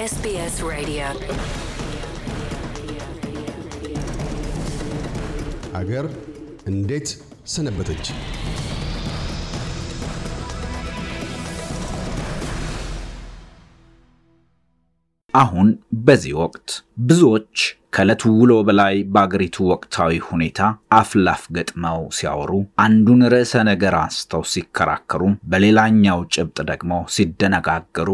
SBS Radio. አገር እንዴት ሰነበተች? አሁን በዚህ ወቅት ብዙዎች ከዕለት ውሎ በላይ በአገሪቱ ወቅታዊ ሁኔታ አፍላፍ ገጥመው ሲያወሩ፣ አንዱን ርዕሰ ነገር አንስተው ሲከራከሩ፣ በሌላኛው ጭብጥ ደግሞ ሲደነጋገሩ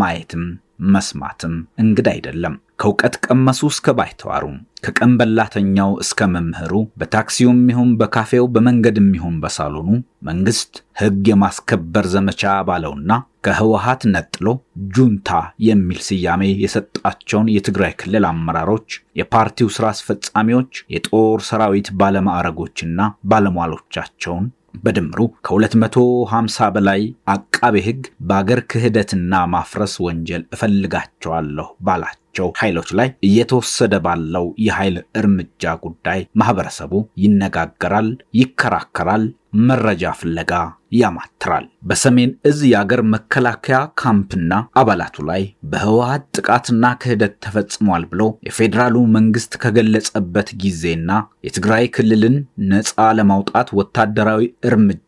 ማየትም መስማትም እንግዳ አይደለም። ከእውቀት ቀመሱ እስከ ባይተዋሩ፣ ከቀን በላተኛው እስከ መምህሩ፣ በታክሲውም ይሁን በካፌው፣ በመንገድም ይሁን በሳሎኑ መንግስት ህግ የማስከበር ዘመቻ ባለውና ከህወሀት ነጥሎ ጁንታ የሚል ስያሜ የሰጣቸውን የትግራይ ክልል አመራሮች፣ የፓርቲው ስራ አስፈጻሚዎች፣ የጦር ሰራዊት ባለማዕረጎችና ባለሟሎቻቸውን በድምሩ ከ250 በላይ አቃቤ ሕግ በአገር ክህደትና ማፍረስ ወንጀል እፈልጋቸዋለሁ ባላቸው ኃይሎች ላይ እየተወሰደ ባለው የኃይል እርምጃ ጉዳይ ማህበረሰቡ ይነጋገራል፣ ይከራከራል፣ መረጃ ፍለጋ ያማትራል። በሰሜን እዝ የአገር መከላከያ ካምፕና አባላቱ ላይ በህወሀት ጥቃትና ክህደት ተፈጽሟል ብሎ የፌዴራሉ መንግስት ከገለጸበት ጊዜና የትግራይ ክልልን ነፃ ለማውጣት ወታደራዊ እርምጃ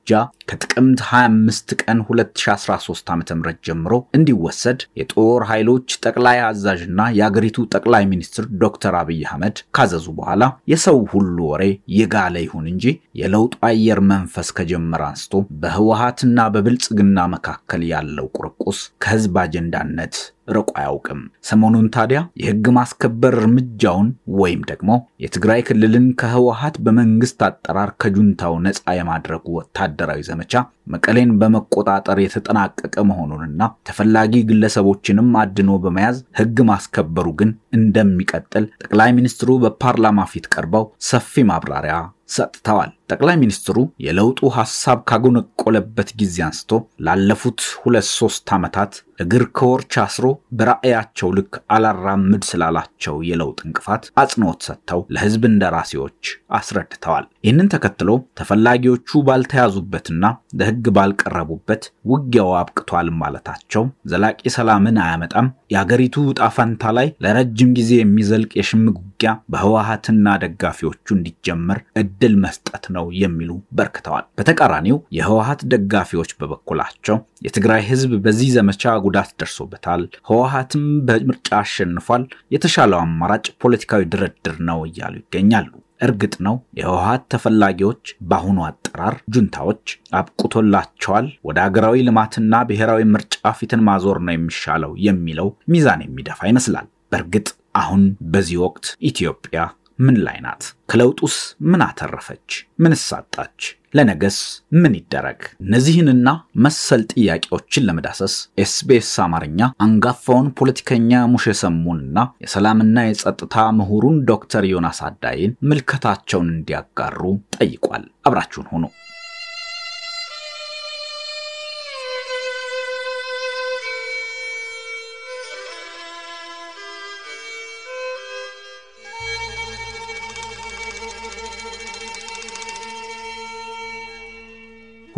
ከጥቅምት 25 ቀን 2013 ዓ.ም ጀምሮ እንዲወሰድ የጦር ኃይሎች ጠቅላይ አዛዥና የአገሪቱ ጠቅላይ ሚኒስትር ዶክተር አብይ አህመድ ካዘዙ በኋላ የሰው ሁሉ ወሬ የጋለ ይሁን እንጂ የለውጡ አየር መንፈስ ከጀመረ አንስቶ በ በህወሀትና በብልጽግና መካከል ያለው ቁርቁስ ከህዝብ አጀንዳነት ርቆ አያውቅም። ሰሞኑን ታዲያ የህግ ማስከበር እርምጃውን ወይም ደግሞ የትግራይ ክልልን ከህወሀት በመንግስት አጠራር ከጁንታው ነፃ የማድረጉ ወታደራዊ ዘመቻ መቀሌን በመቆጣጠር የተጠናቀቀ መሆኑንና ተፈላጊ ግለሰቦችንም አድኖ በመያዝ ህግ ማስከበሩ ግን እንደሚቀጥል ጠቅላይ ሚኒስትሩ በፓርላማ ፊት ቀርበው ሰፊ ማብራሪያ ሰጥተዋል። ጠቅላይ ሚኒስትሩ የለውጡ ሀሳብ ካጎነቆለበት ጊዜ አንስቶ ላለፉት ሁለት ሶስት ዓመታት እግር ከወርች አስሮ በራዕያቸው ልክ አላራምድ ስላላቸው የለውጥ እንቅፋት አጽንኦት ሰጥተው ለህዝብ እንደራሴዎች አስረድተዋል። ይህንን ተከትሎ ተፈላጊዎቹ ባልተያዙበትና ለህግ ባልቀረቡበት ውጊያው አብቅቷል ማለታቸው ዘላቂ ሰላምን አያመጣም፣ የአገሪቱ ዕጣ ፈንታ ላይ ለረጅም ጊዜ የሚዘልቅ የሽምግ ውጊያ በህወሀትና ደጋፊዎቹ እንዲጀመር እድል መስጠት ነው የሚሉ በርክተዋል። በተቃራኒው የህወሀት ደጋፊዎች በበኩላቸው የትግራይ ህዝብ በዚህ ዘመቻ ጉዳት ደርሶበታል። ህወሀትም በምርጫ አሸንፏል። የተሻለው አማራጭ ፖለቲካዊ ድርድር ነው እያሉ ይገኛሉ። እርግጥ ነው የህወሀት ተፈላጊዎች በአሁኑ አጠራር ጁንታዎች አብቁቶላቸዋል፣ ወደ ሀገራዊ ልማትና ብሔራዊ ምርጫ ፊትን ማዞር ነው የሚሻለው የሚለው ሚዛን የሚደፋ ይመስላል። በእርግጥ አሁን በዚህ ወቅት ኢትዮጵያ ምን ላይ ናት? ከለውጡስ ምን አተረፈች? ምን ሳጣች? ለነገስ ምን ይደረግ? እነዚህንና መሰል ጥያቄዎችን ለመዳሰስ ኤስቢኤስ አማርኛ አንጋፋውን ፖለቲከኛ ሙሼ ሰሙንና የሰላምና የጸጥታ ምሁሩን ዶክተር ዮናስ አዳይን ምልከታቸውን እንዲያጋሩ ጠይቋል። አብራችሁን ሆኖ!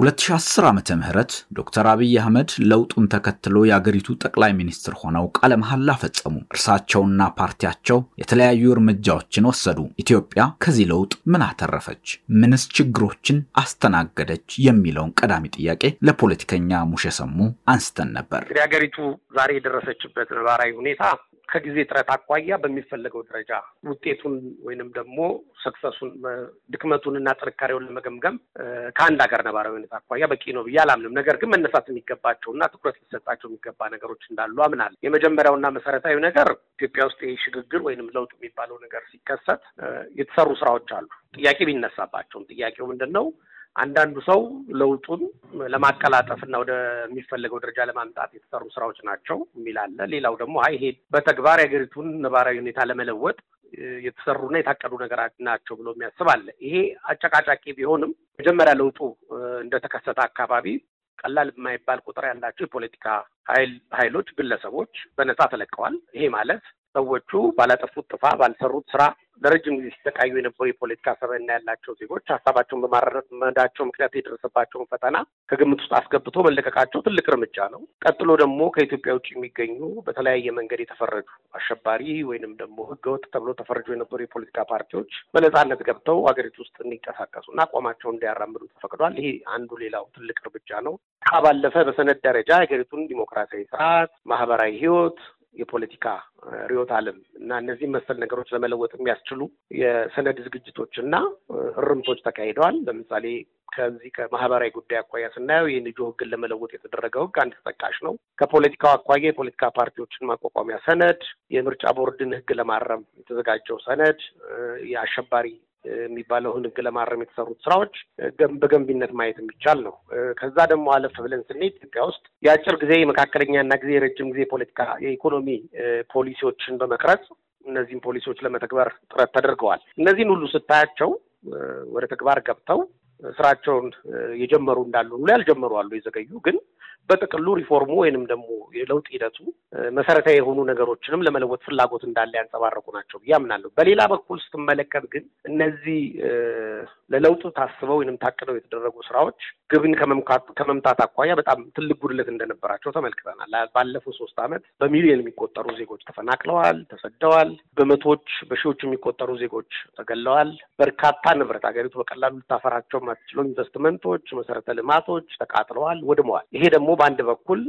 2010 ዓመተ ምህረት ዶክተር አብይ አህመድ ለውጡን ተከትሎ የአገሪቱ ጠቅላይ ሚኒስትር ሆነው ቃለ መሐላ ፈጸሙ። እርሳቸውና ፓርቲያቸው የተለያዩ እርምጃዎችን ወሰዱ። ኢትዮጵያ ከዚህ ለውጥ ምን አተረፈች? ምንስ ችግሮችን አስተናገደች? የሚለውን ቀዳሚ ጥያቄ ለፖለቲከኛ ሙሼ ሰሙ አንስተን ነበር። የአገሪቱ ዛሬ የደረሰችበት ነባራዊ ሁኔታ ከጊዜ ጥረት አኳያ በሚፈለገው ደረጃ ውጤቱን ወይንም ደግሞ ሰክሰሱን ድክመቱን እና ጥንካሬውን ለመገምገም ከአንድ ሀገር ነባራዊ ሁኔታ አኳያ በቂ ነው ብዬ አላምንም። ነገር ግን መነሳት የሚገባቸው እና ትኩረት ሊሰጣቸው የሚገባ ነገሮች እንዳሉ የመጀመሪያው የመጀመሪያውና መሰረታዊ ነገር ኢትዮጵያ ውስጥ ይህ ሽግግር ወይንም ለውጥ የሚባለው ነገር ሲከሰት የተሰሩ ስራዎች አሉ ጥያቄ ቢነሳባቸውም ጥያቄው ምንድን ነው? አንዳንዱ ሰው ለውጡን ለማቀላጠፍና ወደሚፈለገው ደረጃ ለማምጣት የተሰሩ ስራዎች ናቸው የሚል አለ። ሌላው ደግሞ አይ ይሄ በተግባር የሀገሪቱን ነባራዊ ሁኔታ ለመለወጥ የተሰሩና የታቀዱ ነገራት ናቸው ብሎ የሚያስብ አለ። ይሄ አጨቃጫቂ ቢሆንም መጀመሪያ ለውጡ እንደተከሰተ አካባቢ ቀላል የማይባል ቁጥር ያላቸው የፖለቲካ ኃይሎች ግለሰቦች በነፃ ተለቀዋል። ይሄ ማለት ሰዎቹ ባላጠፉት ጥፋ ባልሰሩት ስራ ለረጅም ጊዜ ሲሰቃዩ የነበሩ የፖለቲካ ሰብዕና ያላቸው ዜጎች ሀሳባቸውን በማራመዳቸው ምክንያት የደረሰባቸውን ፈተና ከግምት ውስጥ አስገብቶ መለቀቃቸው ትልቅ እርምጃ ነው። ቀጥሎ ደግሞ ከኢትዮጵያ ውጭ የሚገኙ በተለያየ መንገድ የተፈረጁ አሸባሪ ወይንም ደግሞ ህገወጥ ተብሎ ተፈረጁ የነበሩ የፖለቲካ ፓርቲዎች በነጻነት ገብተው ሀገሪቱ ውስጥ እንዲንቀሳቀሱ እና አቋማቸውን እንዲያራምዱ ተፈቅዷል። ይሄ አንዱ ሌላው ትልቅ እርምጃ ነው። ባለፈ በሰነድ ደረጃ ሀገሪቱን ዲሞክራሲያዊ ስርዓት፣ ማህበራዊ ህይወት የፖለቲካ ርዕዮተ ዓለም እና እነዚህ መሰል ነገሮች ለመለወጥ የሚያስችሉ የሰነድ ዝግጅቶች እና እርምቶች ተካሂደዋል። ለምሳሌ ከዚህ ከማህበራዊ ጉዳይ አኳያ ስናየው የንጆ ህግን ለመለወጥ የተደረገው ህግ አንድ ተጠቃሽ ነው። ከፖለቲካው አኳያ የፖለቲካ ፓርቲዎችን ማቋቋሚያ ሰነድ፣ የምርጫ ቦርድን ህግ ለማረም የተዘጋጀው ሰነድ፣ የአሸባሪ የሚባለውን ህግ ለማረም የተሰሩት ስራዎች በገንቢነት ማየት የሚቻል ነው። ከዛ ደግሞ አለፍ ብለን ስኔ ኢትዮጵያ ውስጥ የአጭር ጊዜ የመካከለኛና ጊዜ የረጅም ጊዜ ፖለቲካ የኢኮኖሚ ፖሊሲዎችን በመቅረጽ እነዚህን ፖሊሲዎች ለመተግበር ጥረት ተደርገዋል። እነዚህን ሁሉ ስታያቸው ወደ ተግባር ገብተው ስራቸውን የጀመሩ እንዳሉ ሁሉ ያልጀመሩ አሉ፣ የዘገዩ ግን በጥቅሉ ሪፎርሙ ወይንም ደግሞ የለውጥ ሂደቱ መሰረታዊ የሆኑ ነገሮችንም ለመለወጥ ፍላጎት እንዳለ ያንጸባረቁ ናቸው ብዬ አምናለሁ። በሌላ በኩል ስትመለከት ግን እነዚህ ለለውጡ ታስበው ወይንም ታቅደው የተደረጉ ስራዎች ግብን ከመምታት አኳያ በጣም ትልቅ ጉድለት እንደነበራቸው ተመልክተናል። ባለፈው ሶስት አመት በሚሊዮን የሚቆጠሩ ዜጎች ተፈናቅለዋል፣ ተሰደዋል። በመቶዎች በሺዎች የሚቆጠሩ ዜጎች ተገለዋል። በርካታ ንብረት ሀገሪቱ በቀላሉ ልታፈራቸው የማትችለው ኢንቨስትመንቶች፣ መሰረተ ልማቶች ተቃጥለዋል፣ ወድመዋል። ይሄ ደግሞ በአንድ በኩል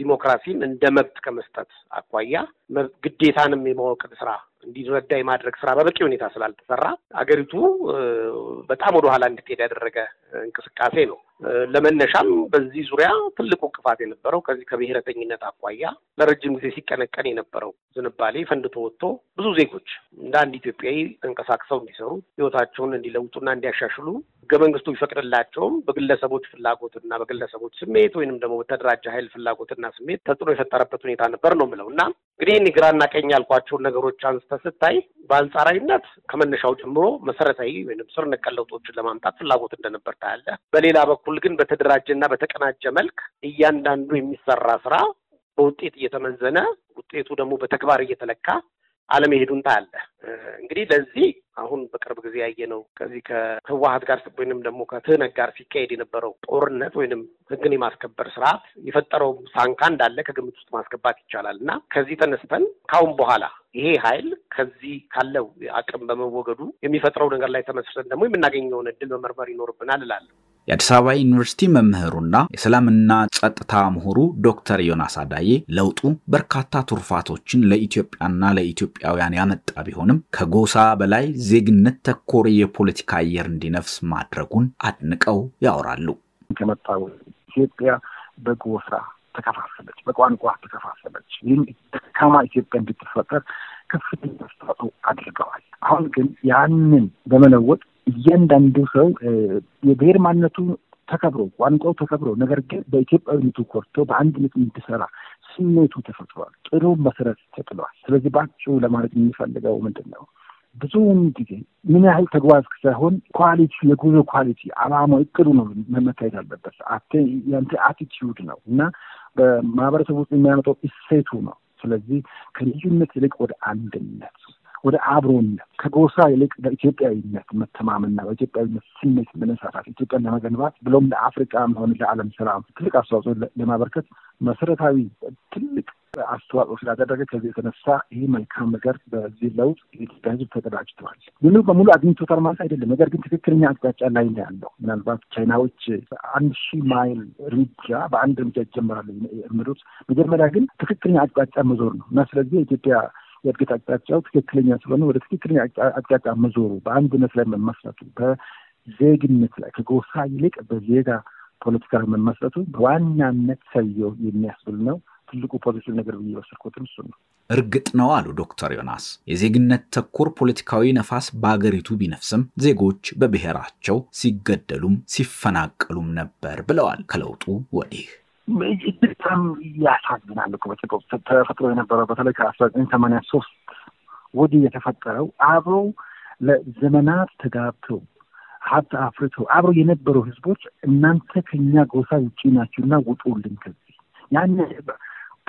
ዲሞክራሲን እንደ መብት ከመስጠት አኳያ ግዴታንም የማወቅ ስራ እንዲረዳ የማድረግ ስራ በበቂ ሁኔታ ስላልተሰራ አገሪቱ በጣም ወደኋላ እንድትሄድ ያደረገ እንቅስቃሴ ነው። ለመነሻም በዚህ ዙሪያ ትልቁ እንቅፋት የነበረው ከዚህ ከብሔረተኝነት አኳያ ለረጅም ጊዜ ሲቀነቀን የነበረው ዝንባሌ ፈንድቶ ወጥቶ ብዙ ዜጎች እንደ አንድ ኢትዮጵያዊ ተንቀሳቅሰው እንዲሰሩ ህይወታቸውን እንዲለውጡና እንዲያሻሽሉ ህገ መንግስቱ ቢፈቅድላቸውም በግለሰቦች ፍላጎትና በግለሰቦች ስሜት ወይንም ደግሞ በተደራጀ ኃይል ፍላጎትና ስሜት ተጽዕኖ የፈጠረበት ሁኔታ ነበር ነው ምለው እና እንግዲህ እኔ ግራና ቀኝ ያልኳቸውን ነገሮች አንስተ ስታይ በአንጻራዊነት ከመነሻው ጀምሮ መሰረታዊ ወይም ስር ነቀል ለውጦችን ለማምጣት ፍላጎት እንደነበር ታያለ በሌላ በኩል በኩል ግን በተደራጀ እና በተቀናጀ መልክ እያንዳንዱ የሚሰራ ስራ በውጤት እየተመዘነ ውጤቱ ደግሞ በተግባር እየተለካ አለመሄዱን ታያለህ። እንግዲህ ለዚህ አሁን በቅርብ ጊዜ ያየነው ከዚህ ከህወሀት ጋር ወይንም ደግሞ ከትህነግ ጋር ሲካሄድ የነበረው ጦርነት ወይንም ህግን የማስከበር ስርዓት የፈጠረው ሳንካ እንዳለ ከግምት ውስጥ ማስገባት ይቻላል እና ከዚህ ተነስተን ካሁን በኋላ ይሄ ኃይል ከዚህ ካለው አቅም በመወገዱ የሚፈጥረው ነገር ላይ ተመስርተን ደግሞ የምናገኘውን እድል መመርመር ይኖርብናል እላለሁ። የአዲስ አበባ ዩኒቨርሲቲ መምህሩና የሰላምና ጸጥታ ምሁሩ ዶክተር ዮናስ አዳዬ ለውጡ በርካታ ትሩፋቶችን ለኢትዮጵያና ለኢትዮጵያውያን ያመጣ ቢሆንም ከጎሳ በላይ ዜግነት ተኮር የፖለቲካ አየር እንዲነፍስ ማድረጉን አድንቀው ያወራሉ። ከመጣ ኢትዮጵያ በጎሳ ተከፋፈለች፣ በቋንቋ ተከፋፈለች። ይህም ደካማ ኢትዮጵያ እንድትፈጠር ከፍተኛ አስተዋጽኦ አድርገዋል። አሁን ግን ያንን በመለወጥ እያንዳንዱ ሰው የብሔር ማንነቱ ተከብሮ ቋንቋው ተከብሮ ነገር ግን በኢትዮጵያዊነቱ ኮርቶ በአንድነት እንዲሰራ ስሜቱ ተፈጥሯል። ጥሩ መሰረት ተጥሏል። ስለዚህ በአጭሩ ለማለት የሚፈልገው ምንድን ነው? ብዙውን ጊዜ ምን ያህል ተጓዝክ ሳይሆን ኳሊቲ፣ የጉዞ ኳሊቲ፣ አላማው፣ እቅዱ ነው መመታየት አለበት። ያንተ አቲቲዩድ ነው እና በማህበረሰቡ ውስጥ የሚያመጣው እሴቱ ነው። ስለዚህ ከልዩነት ይልቅ ወደ አንድነት ወደ አብሮነት ከጎሳ ይልቅ በኢትዮጵያዊነት መተማመንና በኢትዮጵያዊነት ስሜት መነሳሳት ኢትዮጵያን ለመገንባት ብሎም ለአፍሪቃም ሆነ ለዓለም ሰላም ትልቅ አስተዋጽኦ ለማበርከት መሰረታዊ ትልቅ አስተዋጽኦ ስላደረገ ከዚህ የተነሳ ይህ መልካም ነገር በዚህ ለውጥ የኢትዮጵያ ሕዝብ ተቀዳጅተዋል። ሙሉ በሙሉ አግኝቶታል ማለት አይደለም። ነገር ግን ትክክለኛ አቅጣጫ ላይ ነው ያለው። ምናልባት ቻይናዎች አንድ ሺህ ማይል እርምጃ በአንድ እርምጃ ይጀምራሉ የሚሉት መጀመሪያ ግን ትክክለኛ አቅጣጫ መዞር ነው እና ስለዚህ የኢትዮጵያ የእድገት አቅጣጫው ትክክለኛ ስለሆነ ወደ ትክክለኛ አቅጣጫ መዞሩ፣ በአንድነት ላይ መመስረቱ፣ በዜግነት ላይ ከጎሳ ይልቅ በዜጋ ፖለቲካ ላይ መመስረቱ በዋናነት ሰየው የሚያስብል ነው። ትልቁ ፖዚሽን ነገር ብዬ ወሰድኩትም እሱ ነው። እርግጥ ነው አሉ ዶክተር ዮናስ የዜግነት ተኮር ፖለቲካዊ ነፋስ በአገሪቱ ቢነፍስም ዜጎች በብሔራቸው ሲገደሉም ሲፈናቀሉም ነበር ብለዋል። ከለውጡ ወዲህ በጣም ያሳዝናል እኮ በኢትዮጵያ ተፈጥሮ የነበረው በተለይ ከአስራ ዘጠኝ ሰማንያ ሶስት ወዲህ የተፈጠረው አብሮ ለዘመናት ተጋብቶ ሀብት አፍርቶ አብሮ የነበሩ ህዝቦች እናንተ ከኛ ጎሳ ውጪ እና ውጡልን ከዚህ ያን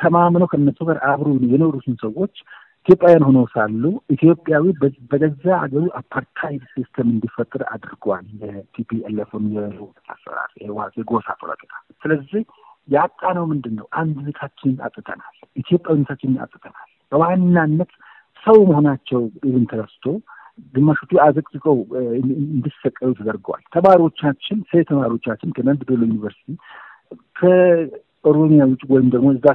ተማምነው ከነሱ ጋር አብሮ የኖሩትን ሰዎች ኢትዮጵያውያን ሆነው ሳሉ ኢትዮጵያዊ በገዛ አገሩ አፓርታይድ ሲስተም እንዲፈጥር አድርጓል። የቲፒኤልኤፍን የህወሓት አሰራር የህወሓት የጎሳ ፖለቲካ ስለዚህ ያጣ ነው ምንድን ነው? አንድነታችንን አጥተናል። ኢትዮጵያዊነታችንን አጥተናል። በዋናነት ሰው መሆናቸው ብን ተረስቶ ግማሾቹ አዘቅዝቀው እንዲሰቀሉ ተደርገዋል። ተማሪዎቻችን ሴ ተማሪዎቻችን ዶሎ ዩኒቨርሲቲ ከኦሮሚያ ውጭ ወይም ደግሞ እዛ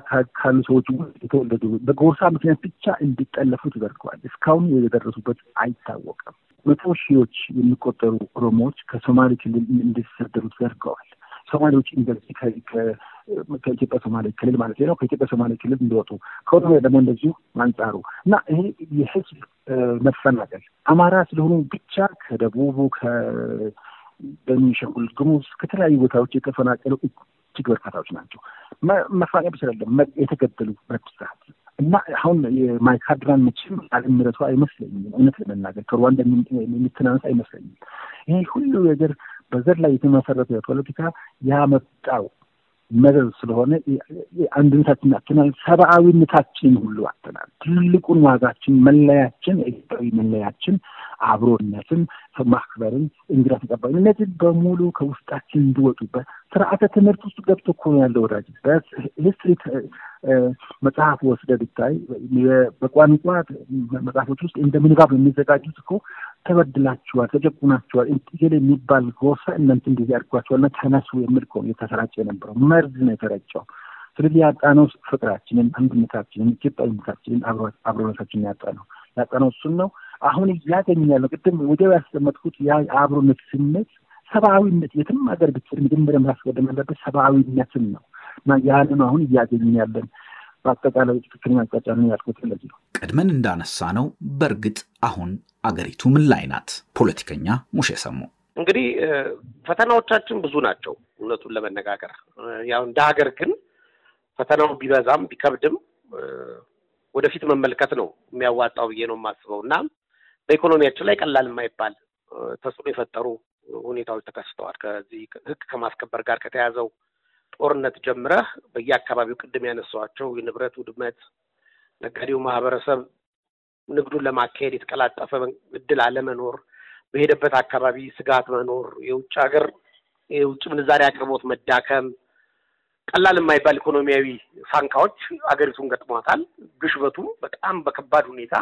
ካሉ ሰዎች የተወለዱ በጎሳ ምክንያት ብቻ እንዲጠለፉ ተደርገዋል። እስካሁን የደረሱበት አይታወቅም። መቶ ሺዎች የሚቆጠሩ ኦሮሞዎች ከሶማሌ ክልል እንዲሰደዱ ተደርገዋል። ሶማሌዎች ዩኒቨርሲቲ ከኢትዮጵያ ሶማሌ ክልል ማለት ነው ከኢትዮጵያ ሶማሌ ክልል እንዲወጡ ከኦሮሚያ ደግሞ እንደዚሁ አንጻሩ እና ይሄ የህዝብ መፈናቀል አማራ ስለሆኑ ብቻ ከደቡቡ ከቤኒሻንጉል ጉሙዝ ከተለያዩ ቦታዎች የተፈናቀሉ እጅግ በርካታዎች ናቸው። መፈናቀል ስላለም የተገደሉ ሰዓት እና አሁን የማይካድራን መቼም ዓለም አይመስለኝም። እውነት ለመናገር ከሩዋንዳ የሚተናነስ አይመስለኝም። ይህ ሁሉ ነገር በዘር ላይ የተመሰረተ ፖለቲካ ያመጣው መዘዝ ስለሆነ አንድነታችን አጥተናል፣ ሰብአዊነታችን ሁሉ አትናል። ትልቁን ዋጋችን መለያችን፣ ኢትዮጵያዊ መለያችን፣ አብሮነትን፣ ማክበርን፣ እንግዳ ተቀባይ እነዚህ በሙሉ ከውስጣችን እንዲወጡበት ስርዓተ ትምህርት ውስጥ ገብቶ እኮ ነው ያለው ወዳጅ። ሂስትሪ መጽሐፍ ወስደ ብታይ በቋንቋ መጽሐፎች ውስጥ እንደ ምንባብ የሚዘጋጁት እኮ ተበድላችኋል፣ ተጨቁናችኋል፣ ኢንቲጌል የሚባል ጎሳ እናንተ እንደዚህ አድርጓችኋልና ተነሱ የሚል ከሆነ የተሰራጨ የነበረው መርዝ ነው የተረጨው። ስለዚህ ያጣነው ፍቅራችንን፣ አንድነታችንን፣ ኢትዮጵያዊነታችንን፣ አብሮነታችንን ያጣነው ያጣነው እሱን ነው። አሁን እያገኘን ነው። ቅድም ወዲያው ያስቀመጥኩት የአብሮነት ስሜት ሰብአዊነት፣ የትም ሀገር ብትሄድ መጀመሪያ ማስቀደም ያለበት ሰብአዊነትን ነው እና ያንን አሁን እያገኘን ያለን በአጠቃላይ ትክክለኛ አቅጣጫ ነው ያልኩት። ስለዚህ ነው ቀድመን እንዳነሳ ነው በእርግጥ አሁን አገሪቱ ምን ላይ ናት? ፖለቲከኛ ሙሼ ሰሙ እንግዲህ ፈተናዎቻችን ብዙ ናቸው። እውነቱን ለመነጋገር ያው እንደ ሀገር ግን ፈተናው ቢበዛም ቢከብድም ወደፊት መመልከት ነው የሚያዋጣው ብዬ ነው የማስበው እና በኢኮኖሚያችን ላይ ቀላል የማይባል ተጽዕኖ የፈጠሩ ሁኔታዎች ተከስተዋል። ከዚህ ሕግ ከማስከበር ጋር ከተያዘው ጦርነት ጀምረህ በየአካባቢው ቅድም ያነሷቸው የንብረት ውድመት፣ ነጋዴው ማህበረሰብ ንግዱን ለማካሄድ የተቀላጠፈ እድል አለመኖር፣ በሄደበት አካባቢ ስጋት መኖር፣ የውጭ ሀገር የውጭ ምንዛሪ አቅርቦት መዳከም፣ ቀላል የማይባል ኢኮኖሚያዊ ፋንካዎች አገሪቱን ገጥሟታል። ግሽበቱ በጣም በከባድ ሁኔታ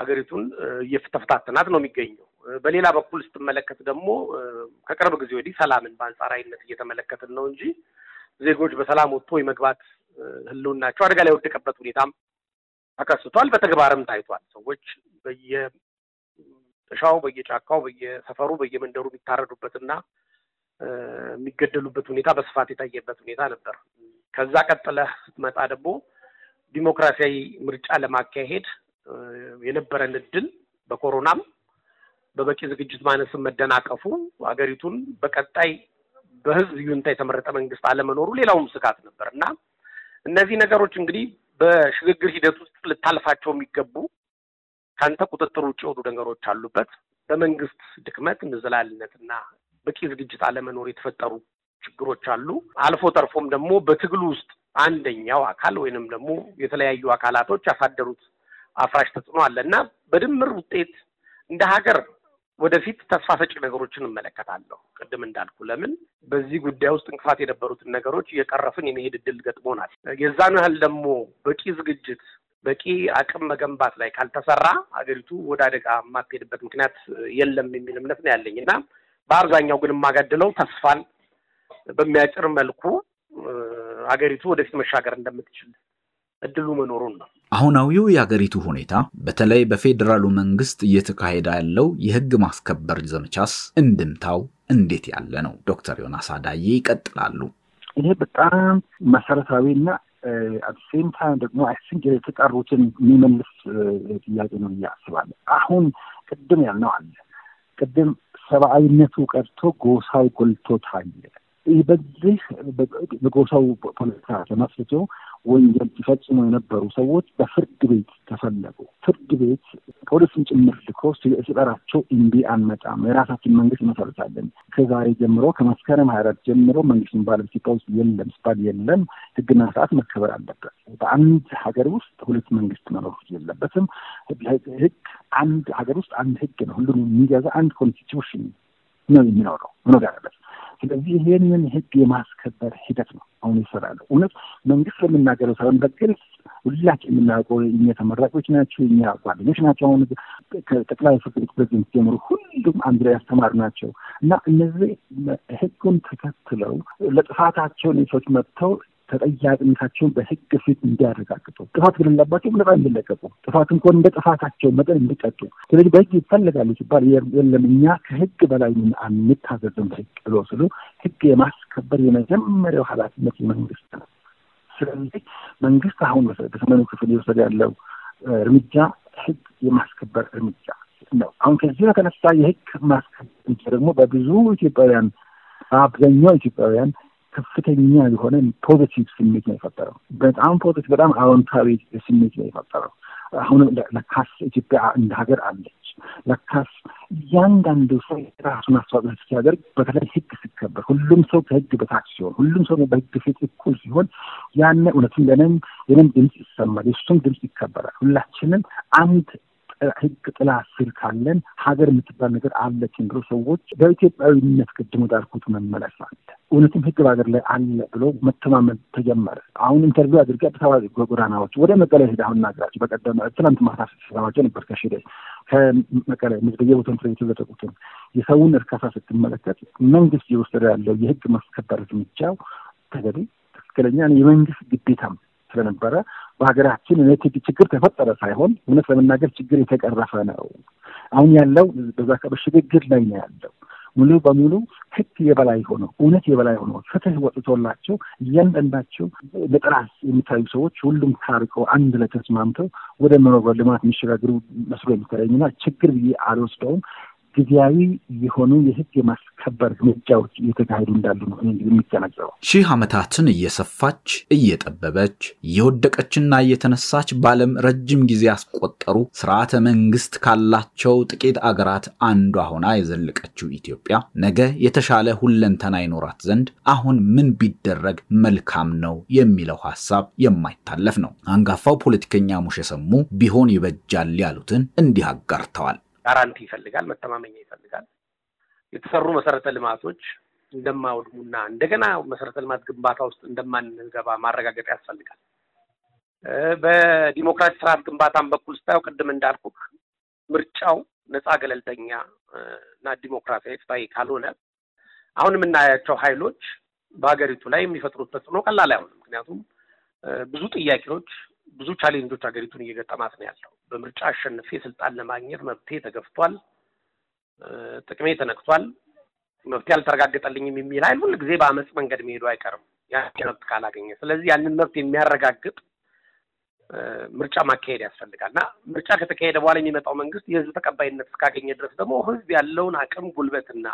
አገሪቱን እየተፈታተናት ነው የሚገኘው። በሌላ በኩል ስትመለከት ደግሞ ከቅርብ ጊዜ ወዲህ ሰላምን በአንጻራዊነት እየተመለከትን ነው እንጂ ዜጎች በሰላም ወጥቶ የመግባት ህልውናቸው አደጋ ላይ የወደቀበት ሁኔታም ተከስቷል። በተግባርም ታይቷል። ሰዎች በየጥሻው፣ በየጫካው፣ በየሰፈሩ፣ በየመንደሩ የሚታረዱበትና የሚገደሉበት ሁኔታ በስፋት የታየበት ሁኔታ ነበር። ከዛ ቀጥለህ ስትመጣ ደግሞ ዲሞክራሲያዊ ምርጫ ለማካሄድ የነበረን እድል በኮሮናም በበቂ ዝግጅት ማነስም መደናቀፉ ሀገሪቱን በቀጣይ በህዝብ ይሁንታ የተመረጠ መንግስት አለመኖሩ ሌላውም ስጋት ነበር እና እነዚህ ነገሮች እንግዲህ በሽግግር ሂደት ውስጥ ልታልፋቸው የሚገቡ ከአንተ ቁጥጥር ውጭ የሆኑ ነገሮች አሉበት። በመንግስት ድክመት፣ እንዝላልነትና በቂ ዝግጅት አለመኖር የተፈጠሩ ችግሮች አሉ። አልፎ ተርፎም ደግሞ በትግሉ ውስጥ አንደኛው አካል ወይንም ደግሞ የተለያዩ አካላቶች ያሳደሩት አፍራሽ ተጽዕኖ አለ እና በድምር ውጤት እንደ ሀገር ወደፊት ተስፋ ሰጪ ነገሮችን እመለከታለሁ። ቅድም እንዳልኩ ለምን በዚህ ጉዳይ ውስጥ እንቅፋት የነበሩትን ነገሮች እየቀረፍን የመሄድ እድል ገጥሞናል። የዛን ያህል ደግሞ በቂ ዝግጅት በቂ አቅም መገንባት ላይ ካልተሰራ አገሪቱ ወደ አደጋ የማትሄድበት ምክንያት የለም የሚል እምነት ነው ያለኝ እና በአብዛኛው ግን የማገድለው ተስፋን በሚያጭር መልኩ አገሪቱ ወደፊት መሻገር እንደምትችል እድሉ መኖሩን ነው። አሁናዊው የአገሪቱ ሁኔታ በተለይ በፌዴራሉ መንግስት እየተካሄደ ያለው የህግ ማስከበር ዘመቻስ እንድምታው እንዴት ያለ ነው? ዶክተር ዮናስ አዳዬ ይቀጥላሉ። ይሄ በጣም መሰረታዊና አሴም ታይም ደግሞ አይ የተጠሩትን የሚመልስ ጥያቄ ነው እያስባለ አሁን ቅድም ያልነው አለ ቅድም ሰብአዊነቱ ቀርቶ ጎሳው ጎልቶ ታየ። በዚህ በጎሳው ፖለቲካ ተመስርቶ ወንጀል ሲፈጽሙ የነበሩ ሰዎች በፍርድ ቤት ተፈለጉ። ፍርድ ቤት ከወደሱም ጭምር ልኮ ሲጠራቸው እምቢ አንመጣም፣ የራሳችን መንግስት እንመሰርታለን፣ ከዛሬ ጀምሮ ከመስከረም ሀያ አራት ጀምሮ መንግስት የሚባል ኢትዮጵያ የለም ሲባል የለም፣ ህግና ስርዓት መከበር አለበት። በአንድ ሀገር ውስጥ ሁለት መንግስት መኖር የለበትም። ህግ አንድ ሀገር ውስጥ አንድ ህግ ነው፣ ሁሉም የሚገዛ አንድ ኮንስቲቱሽን ነው የሚኖረው መኖር ያለበት ስለዚህ ይሄንን ህግ የማስከበር ሂደት ነው አሁን ይሰራሉ። እውነት መንግስት ለምናገረው ሳይሆን በግልጽ ሁላችን የምናውቀው እኛ ተመራቂዎች ናቸው፣ እኛ ጓደኞች ናቸው። አሁን ከጠቅላይ ፍርድ ቤት ፕሬዚደንት ጀምሮ ሁሉም አንድ ላይ ያስተማሩ ናቸው እና እነዚህ ህጉን ተከትለው ለጥፋታቸውን ሰዎች መጥተው ተጠያቂነታቸውን በህግ ፊት እንዲያረጋግጡ፣ ጥፋት ግንላባቸው ነጻ እንዲለቀቁ፣ ጥፋት እንኳን እንደ ጥፋታቸው መጠን እንዲቀጡ። ስለዚህ በህግ ይፈለጋሉ ሲባል የለም እኛ ከህግ በላይ አንታዘዝም ህግ ብሎ ስሉ ህግ የማስከበር የመጀመሪያው ሀላፊነት መንግስት ነው። ስለዚህ መንግስት አሁን በሰሜኑ ክፍል የወሰደ ያለው እርምጃ ህግ የማስከበር እርምጃ ነው። አሁን ከዚህ በተነሳ የህግ ማስከበር ደግሞ በብዙ ኢትዮጵያውያን በአብዛኛው ኢትዮጵያውያን ከፍተኛ የሆነ ፖዘቲቭ ስሜት ነው የፈጠረው። በጣም ፖዘቲቭ፣ በጣም አዎንታዊ ስሜት ነው የፈጠረው። አሁን ለካስ ኢትዮጵያ እንደ ሀገር አለች። ለካስ እያንዳንዱ ሰው የራሱን አስተዋጽኦ ሲያደርግ፣ በተለይ ህግ ሲከበር፣ ሁሉም ሰው ከህግ በታች ሲሆን፣ ሁሉም ሰው በህግ ፊት እኩል ሲሆን፣ ያነ እውነትም ለእኔም የእኔም ድምፅ ይሰማል፣ የሱም ድምፅ ይከበራል። ሁላችንም አንድ ህግ ጥላ ስር ካለን ሀገር የምትባል ነገር አለችን ብሎ ሰዎች በኢትዮጵያዊነት ቅድም ወዳልኩት መመለስ አለ። እውነትም ህግ በሀገር ላይ አለ ብሎ መተማመን ተጀመረ። አሁን ኢንተርቪው አድርጌ አዲስ አበባ ጎዳናዎች ወደ መቀለ ሄደ አሁን ናገራቸው በቀደመ ትናንት ማታ ስሰማቸው ነበር ከሽደ ከመቀለ በየቦታው ቦተን ቤቱ የለቀቁትን የሰውን እርካታ ስትመለከት መንግስት እየወሰደ ያለው የህግ ማስከበር እርምጃው ተገቢ ትክክለኛ የመንግስት ግዴታም ስለነበረ በሀገራችን የትድ ችግር ተፈጠረ ሳይሆን እውነት ለመናገር ችግር የተቀረፈ ነው። አሁን ያለው በዛ በሽግግር ላይ ነው ያለው ሙሉ በሙሉ ሕግ የበላይ ሆኖ እውነት የበላይ ሆኖ ፍትህ ወጥቶላቸው እያንዳንዳቸው ለጥራት የሚታዩ ሰዎች ሁሉም ታርቀው አንድ ላይ ተስማምተው ወደ መኖር ልማት የሚሸጋግሩ መስሎ የሚታየኝና ችግር ብዬ አልወስደውም። ጊዜያዊ የሆኑ የህግ የማስከበር እርምጃዎች እየተካሄዱ እንዳሉ ነው የሚገነዘበው። ሺህ ዓመታትን እየሰፋች እየጠበበች እየወደቀችና እየተነሳች በዓለም ረጅም ጊዜ ያስቆጠሩ ስርዓተ መንግስት ካላቸው ጥቂት አገራት አንዷ ሆና የዘለቀችው ኢትዮጵያ ነገ የተሻለ ሁለንተና ይኖራት ዘንድ አሁን ምን ቢደረግ መልካም ነው የሚለው ሀሳብ የማይታለፍ ነው። አንጋፋው ፖለቲከኛ ሙሼ ሰሙ ቢሆን ይበጃል ያሉትን እንዲህ አጋርተዋል። ጋራንቲ ይፈልጋል፣ መተማመኛ ይፈልጋል። የተሰሩ መሰረተ ልማቶች እንደማወድሙና እንደገና መሰረተ ልማት ግንባታ ውስጥ እንደማንገባ ማረጋገጥ ያስፈልጋል። በዲሞክራሲ ስርዓት ግንባታን በኩል ስታየው ቅድም እንዳልኩ ምርጫው ነፃ ገለልተኛ እና ዲሞክራሲያዊ ፍትሐዊ ካልሆነ አሁን የምናያቸው ኃይሎች በሀገሪቱ ላይ የሚፈጥሩት ተጽዕኖ ቀላል አይሆንም። ምክንያቱም ብዙ ጥያቄዎች ብዙ ቻሌንጆች ሀገሪቱን እየገጠማት ነው ያለው። በምርጫ አሸንፌ ስልጣን ለማግኘት መብቴ ተገፍቷል፣ ጥቅሜ ተነክቷል፣ መብቴ አልተረጋገጠልኝም የሚል ኃይል ሁል ጊዜ በአመፅ መንገድ መሄዱ አይቀርም ያንን መብት ካላገኘ። ስለዚህ ያንን መብት የሚያረጋግጥ ምርጫ ማካሄድ ያስፈልጋል እና ምርጫ ከተካሄደ በኋላ የሚመጣው መንግስት የህዝብ ተቀባይነት እስካገኘ ድረስ ደግሞ ህዝብ ያለውን አቅም ጉልበትና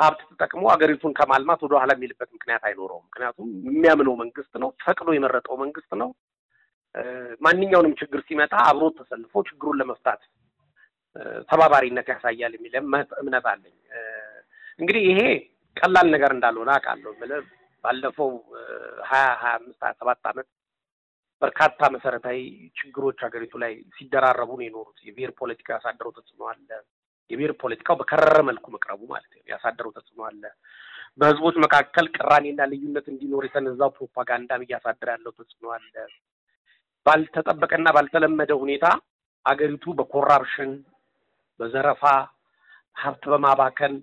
ሀብት ተጠቅሞ አገሪቱን ከማልማት ወደ ኋላ የሚልበት ምክንያት አይኖረውም። ምክንያቱም የሚያምነው መንግስት ነው፣ ፈቅዶ የመረጠው መንግስት ነው፣ ማንኛውንም ችግር ሲመጣ አብሮ ተሰልፎ ችግሩን ለመፍታት ተባባሪነት ያሳያል የሚል እምነት አለኝ። እንግዲህ ይሄ ቀላል ነገር እንዳልሆነ አውቃለሁ። ባለፈው ሀያ ሀያ አምስት ሀያ ሰባት ዓመት በርካታ መሰረታዊ ችግሮች ሀገሪቱ ላይ ሲደራረቡ ነው የኖሩት። የብሔር ፖለቲካ ያሳደረው ተጽዕኖ አለ። የብሔር ፖለቲካው በከረረ መልኩ መቅረቡ ማለት ነው ያሳደረው ተጽዕኖ አለ። በህዝቦች መካከል ቅራኔና ልዩነት እንዲኖር የተነዛው ፕሮፓጋንዳም እያሳደረ ያለው ተጽዕኖ አለ። ባልተጠበቀና ባልተለመደ ሁኔታ አገሪቱ በኮራፕሽን፣ በዘረፋ፣ ሀብት በማባከን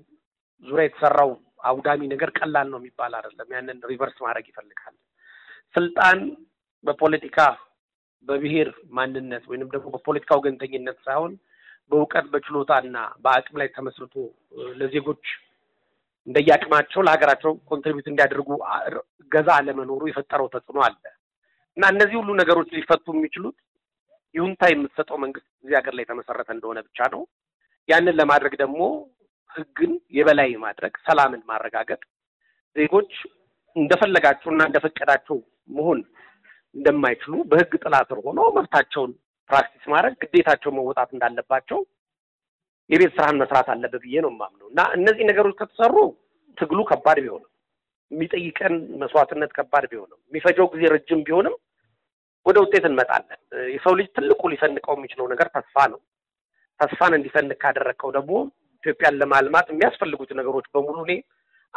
ዙሪያ የተሰራው አውዳሚ ነገር ቀላል ነው የሚባል አይደለም። ያንን ሪቨርስ ማድረግ ይፈልጋል። ስልጣን በፖለቲካ በብሔር ማንነት ወይንም ደግሞ በፖለቲካ ወገንተኝነት ሳይሆን በእውቀት በችሎታና በአቅም ላይ ተመስርቶ ለዜጎች እንደየአቅማቸው ለሀገራቸው ኮንትሪቢዩት እንዲያደርጉ ገዛ አለመኖሩ የፈጠረው ተጽዕኖ አለ። እና እነዚህ ሁሉ ነገሮች ሊፈቱ የሚችሉት ይሁንታ የምትሰጠው መንግስት እዚህ ሀገር ላይ የተመሰረተ እንደሆነ ብቻ ነው። ያንን ለማድረግ ደግሞ ህግን የበላይ ማድረግ፣ ሰላምን ማረጋገጥ፣ ዜጎች እንደፈለጋቸው እና እንደፈቀዳቸው መሆን እንደማይችሉ በህግ ጥላ ስር ሆኖ መብታቸውን ፕራክቲስ ማድረግ ግዴታቸውን መወጣት እንዳለባቸው የቤት ስራህን መስራት አለበት ብዬ ነው የማምነው እና እነዚህ ነገሮች ከተሰሩ ትግሉ ከባድ ቢሆንም የሚጠይቀን መስዋዕትነት ከባድ ቢሆንም የሚፈጀው ጊዜ ረጅም ቢሆንም ወደ ውጤት እንመጣለን። የሰው ልጅ ትልቁ ሊሰንቀው የሚችለው ነገር ተስፋ ነው። ተስፋን እንዲሰንቅ ካደረግከው ደግሞ ኢትዮጵያን ለማልማት የሚያስፈልጉት ነገሮች በሙሉ እኔ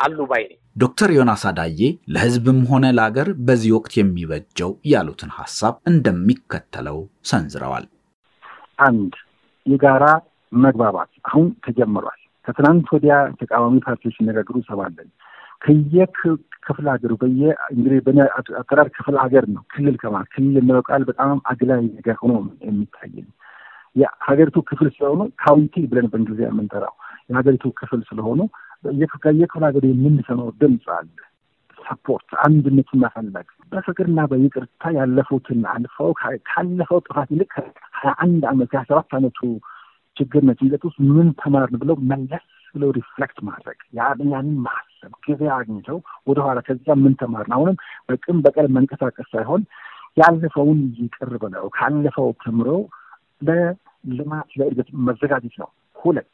አሉ ባይ ነኝ። ዶክተር ዮናስ አዳዬ ለህዝብም ሆነ ለአገር በዚህ ወቅት የሚበጀው ያሉትን ሀሳብ እንደሚከተለው ሰንዝረዋል። አንድ የጋራ መግባባት አሁን ተጀምሯል። ከትናንት ወዲያ ተቃዋሚ ፓርቲዎች ሲነጋገሩ ሰማለን። ከየክፍለ ሀገሩ በየ እንግዲህ በእኛ አጠራር ክፍለ ሀገር ነው። ክልል ከማ ክልል የሚለው ቃል በጣም አግላይ ነገር ሆኖ የሚታየን የሀገሪቱ ክፍል ስለሆኑ ካውንቲ ብለን በእንግሊዝ የምንጠራው የሀገሪቱ ክፍል ስለሆኑ ከየክፍለ ሀገሩ የምንሰማው ድምፅ አለ። ሰፖርት አንድነት መፈለግ በፍቅርና በይቅርታ ያለፉትን አልፈው ካለፈው ጥፋት ይልቅ ሀያ አንድ አመት ከሀያ ሰባት አመቱ ችግርነት ጭንቀት ውስጥ ምን ተማርን ብለው መለስ ብለው ሪፍሌክት ማድረግ ያንን ማ ማሰብ ጊዜ አግኝተው ወደኋላ ከዚያ ምን ተማር ነው አሁንም በቅም በቀል መንቀሳቀስ ሳይሆን ያለፈውን ይቅር ብለው ካለፈው ተምሮ ለልማት ለእድገት መዘጋጀት ነው። ሁለት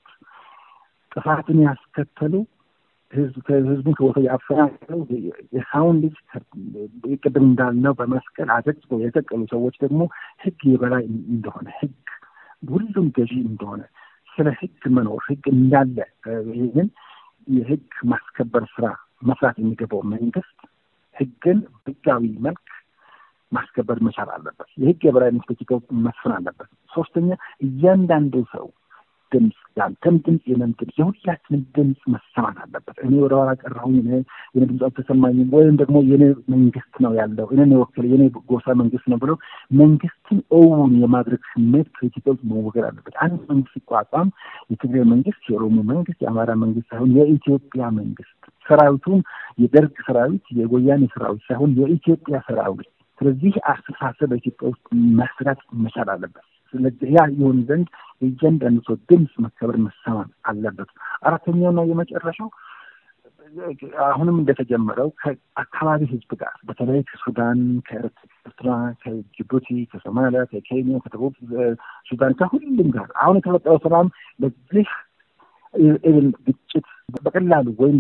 ጥፋትን ያስከተሉ ህዝቡን ከቦታው ያፈናቀሉ የሳውን ልጅ ቅድም እንዳልነው በመስቀል አገጭ የሰቀሉ ሰዎች ደግሞ ህግ የበላይ እንደሆነ ህግ ሁሉም ገዢ እንደሆነ ስለ ህግ መኖር ህግ እንዳለ ይህን የህግ ማስከበር ስራ መስራት የሚገባው መንግስት ህግን ህጋዊ መልክ ማስከበር መቻል አለበት። የህግ የበላይነት በኢትዮጵያ መስፍን አለበት። ሶስተኛ እያንዳንዱ ሰው ድምፅ ያንተም ድምፅ የእኔም ድምፅ የሁላችንም ድምፅ መሰማት አለበት። እኔ ወደ ኋላ ቀረሁኝ፣ የእኔ ድምፅ አልተሰማኝም፣ ወይም ደግሞ የእኔ መንግስት ነው ያለው እኔን የወከለ የእኔ ጎሳ መንግስት ነው ብለው መንግስትን እውን የማድረግ ስሜት ከኢትዮጵያ ውስጥ መወገድ አለበት። አንድ መንግስት ሲቋቋም የትግራይ መንግስት፣ የኦሮሞ መንግስት፣ የአማራ መንግስት ሳይሆን የኢትዮጵያ መንግስት ሰራዊቱም የደርግ ሰራዊት፣ የወያኔ ሰራዊት ሳይሆን የኢትዮጵያ ሰራዊት። ስለዚህ አስተሳሰብ በኢትዮጵያ ውስጥ መስራት መቻል አለበት። ስለዚህ ያ ይሆን ዘንድ የእያንዳንዱ ሰው ድምፅ መከበር መሰማት አለበት። አራተኛውና የመጨረሻው አሁንም እንደተጀመረው ከአካባቢ ህዝብ ጋር በተለይ ከሱዳን፣ ከኤርትራ፣ ከጅቡቲ፣ ከሶማሊያ፣ ከኬንያ፣ ከደቡብ ሱዳን ከሁሉም ጋር አሁን የተፈጠረው ሰላም በዚህ ኢቨን ግጭት በቀላሉ ወይም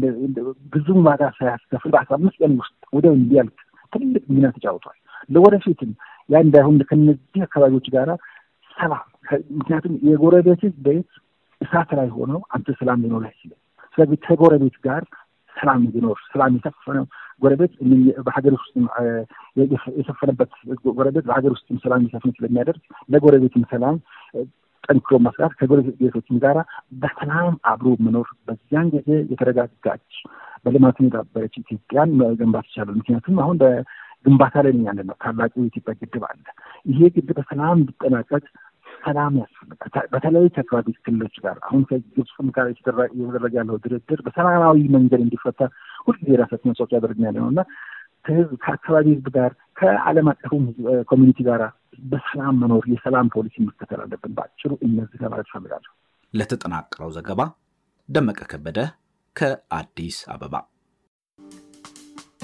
ብዙ ማዳ ሳያስከፍል በአስራ አምስት ቀን ውስጥ ወደ እንዲያልቅ ትልቅ ሚና ተጫውቷል። ለወደፊትም ያ እንዳይሆን ከነዚህ አካባቢዎች ጋራ ሰላም። ምክንያቱም የጎረቤት ቤት እሳት ላይ ሆነው አንተ ሰላም ሊኖር አይችልም። ስለዚህ ከጎረቤት ጋር ሰላም ቢኖር ሰላም የሰፈነ ጎረቤት በሀገር ውስጥ የሰፈነበት ጎረቤት በሀገር ውስጥም ሰላም ሊሰፍን ስለሚያደርግ ለጎረቤትም ሰላም ጠንክሮ መስራት ከጎረቤት ቤቶችም ጋራ በሰላም አብሮ መኖር፣ በዚያን ጊዜ የተረጋጋች በልማት የዳበረች ኢትዮጵያን መገንባት ይቻላል። ምክንያቱም አሁን ግንባታ ላይ ያለ ነው። ታላቁ የኢትዮጵያ ግድብ አለ። ይሄ ግድብ በሰላም እንዲጠናቀቅ ሰላም ያስፈልጋል። በተለያዩ ከአካባቢ ክልሎች ጋር አሁን ከግብፅም ጋር እየተደረገ ያለው ድርድር በሰላማዊ መንገድ እንዲፈታ ሁልጊዜ የራሳችን መስዋዕት ያደርግ ያለ ነው እና ከህዝብ ከአካባቢ ህዝብ ጋር ከዓለም አቀፉ ኮሚኒቲ ጋር በሰላም መኖር የሰላም ፖሊሲ መከተል አለብን። በአጭሩ እነዚህ ለማለት እፈልጋለሁ። ለተጠናቀረው ዘገባ ደመቀ ከበደ ከአዲስ አበባ